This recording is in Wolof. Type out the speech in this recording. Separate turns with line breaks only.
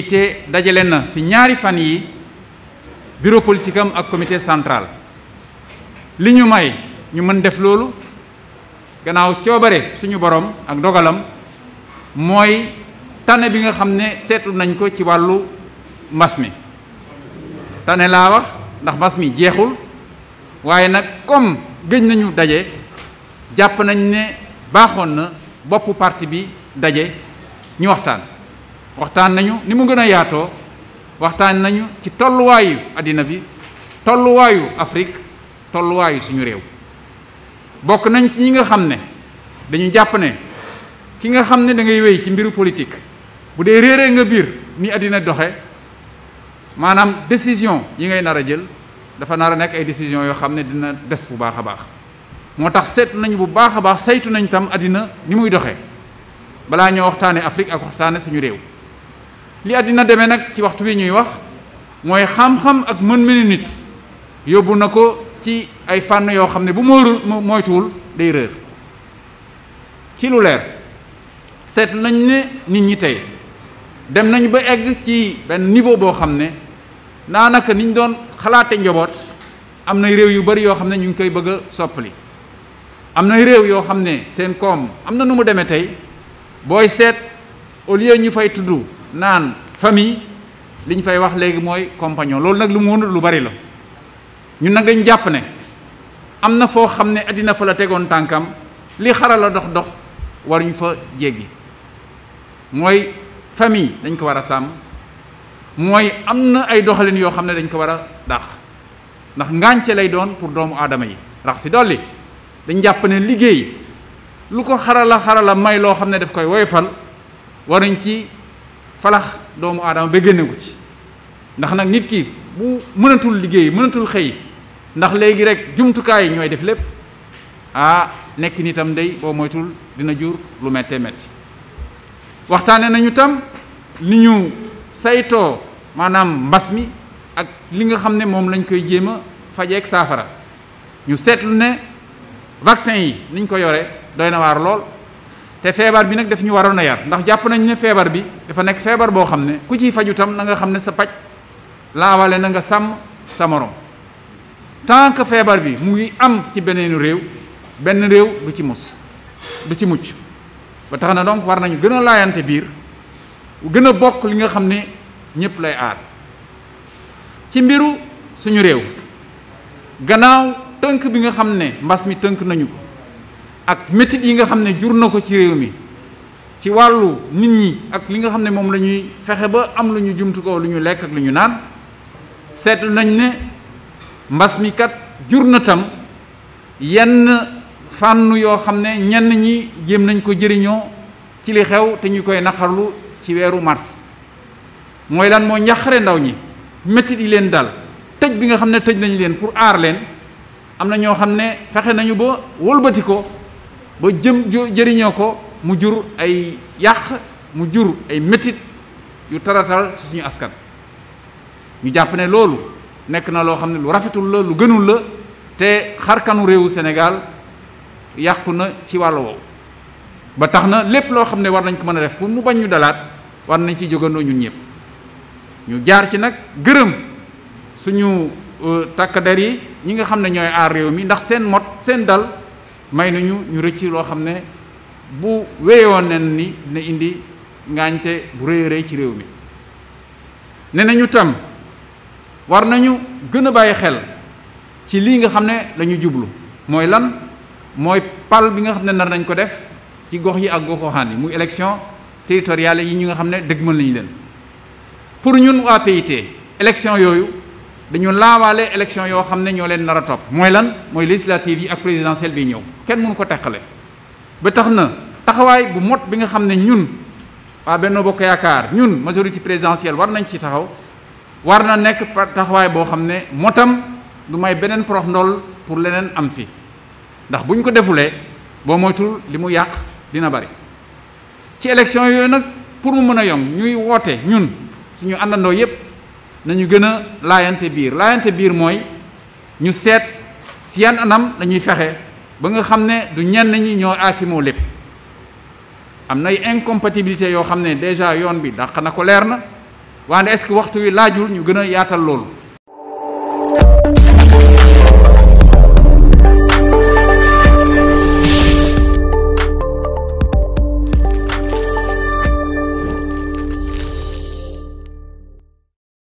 te dajale na fi ñaari fan yi bureau politique ak comité central li ñu may ñu mën def loolu gannaaw coobare suñu boroom ak dogalam mooy tànne bi nga xam ne seetlu nañ ko ci wàllu mbas mi tane laa wax ndax mbas mi jeexul waaye nag comme gëj nañu daje jàpp nañ ne baaxoon na boppu parti bi daje ñu waxtaan waxtaan nañu ni mu gën a yaatoo waxtaan nañu ci tolluwaayu adina bi tolluwaayu Afrique tolluwaayu suñu réew bokk nañ ci ñi nga xam ne dañu jàpp ne ki nga xam ne da ngay wéy ci mbiru politique bu dee réeree nga biir ni adina doxe maanaam décision yi ngay nar a jël dafa nar a nekk ay décision yoo xam dina des bu baax a baax moo tax seet bu baax a baax saytu nañ tam adina ni muy doxee balaa ñoo waxtaane Afrique ak waxtaane suñu réew li àddina demee nag ci waxtu wi ñuy wax mooy xam-xam ak mën-mënu nit yóbbu na ko ci ay fànn yoo xam ne bu moyru moytuwul day réer ci lu leer seet nañ ne nit ñi tey dem nañ ba egg ci benn niveau boo xam ne naanaka niñ doon xalaate njaboot am na réew yu bari yoo xam ne ñu ngi koy bëgg a soppali am na réew yoo xam ne seen koom am na nu mu demee tey booy seet au lieu ñu fay tudd naan famille li ñu fay wax léegi mooy compagnon loolu nag lu mu wënul lu bari la ñun nag dañu jàpp ne am na foo xam ne àddina fa la tegoon tànkam li xarala dox dox waruñu fa jéggi mooy fami dañ ko war a sàmm mooy am na ay doxalin yoo xam ne dañ ko war a dàq ndax ngànce lay doon pour doomu aadama yi rax dolli dañ jàpp ne liggéey lu ko xarala xarala may loo xam ne daf koy woyofal waruñ ci falax doomu aadama ba génne ko ci ndax nag nit ki bu mënatul liggéey mënatul xëy ndax léegi rek jumtukaay yi ñooy def lépp ah nekk nitam day boo moytul dina jur lu méttee métti waxtaane nañu tam ni ñu saytoo maanaam mbas mi ak li nga xam ne moom lañ koy jéem a fajeek saafara ñu seetlu ne vaccin yi niñ ko yore doy nawaar lool te feebar bi nag daf ñu waroon a yar ndax jàpp nañ ne feebar bi dafa nekk feebar boo xam ne ku ciy faju tam na nga xam ne sa paj laawale na nga sàmm sa morom tant que feebar bi mu ngi am ci beneen réew benn réew du ci mus du ci mucc ba tax na donc war nañu gën a laayante biir gën a bokk li nga xam ne ñëpp lay aar ci mbiru suñu réew gannaaw tënk bi nga xam ne mbas mi tënk nañu ko ak métit yi nga xam ne jur na ko ci réew mi ci wàllu nit ñi ak li nga xam ne moom lañuy fexe ba am lu ñu jumtukoo lu ñu lekk lu ñu naan seetlu nañ ne mbas mi kat jur na tam yenn fànn yoo xam ne ñenn ñi jéem nañ ko jëriñoo ci li xew te ñu koy naqarlu ci weeru mars mooy lan moo njaqare ndaw ñi métit yi leen dal tëj bi nga xam ne tëj nañ leen pour aar leen am na ñoo xam ne fexe nañu ba wëlbati ko ba jëm jëriñoo ko mu jur ay yàq mu jur ay métit yu taratal ci suñu askan ñu jàpp ne loolu nekk na loo xam ne lu rafetul la lu gënul la te xarkanu réewu senegal yàqu na ci wàll woowu ba tax na lépp loo xam ne war nañ ko mën a def pour mu bañ ñu dalaat war nañ ci jógandoo ñun ñëpp ñu jaar ci nag gërëm suñu euh, takk der yi ñi nga xam ne ñooy aar réew mi ndax seen mot seen dal may nañu ñu rëcc loo xam ne bu wéyoon nen ni dina indi ngaañte bu rëy rëy ci réew mi ne nañu tam war nañu gën a bàyyi xel ci lii nga xam ne lañu jublu mooy lan mooy pal bi nga xam ne nar nañ ko def ci gox yi ak goxoxaan yi muy élection territoriale yi ñu nga xam ne dëgmal nañu leen pour ñun waa PIT élection yooyu dañu laawaale élection yoo xam ne ñoo leen nar a topp mooy lan mooy législative yi ak présidentielle bi ñëw kenn mënu ko teqale ba tax na taxawaay bu mot bi nga xam ne ñun waa Benno Bokk Yaakaar ñun majorité présidentielle war nañ ci taxaw war na nekk taxawaay boo xam ne motam du may beneen prox ndol pour leneen am fi ndax bu ñu ko defulee boo moytul li mu yàq dina bari ci élection yooyu nag pour mu mën a yong ñuy woote ñun suñu àndandoo yépp nañu gën a laayante biir laayante biir mooy ñu seet si yan anam lañuy fexe ba nga xam ne du ñenn ñi ñoo aakimoo lépp am nay incompatibilité yoo xam ne déjà yoon bi dàq na ko leer na waaye est-ce waxtu wi laajul ñu gën a yaatal loolu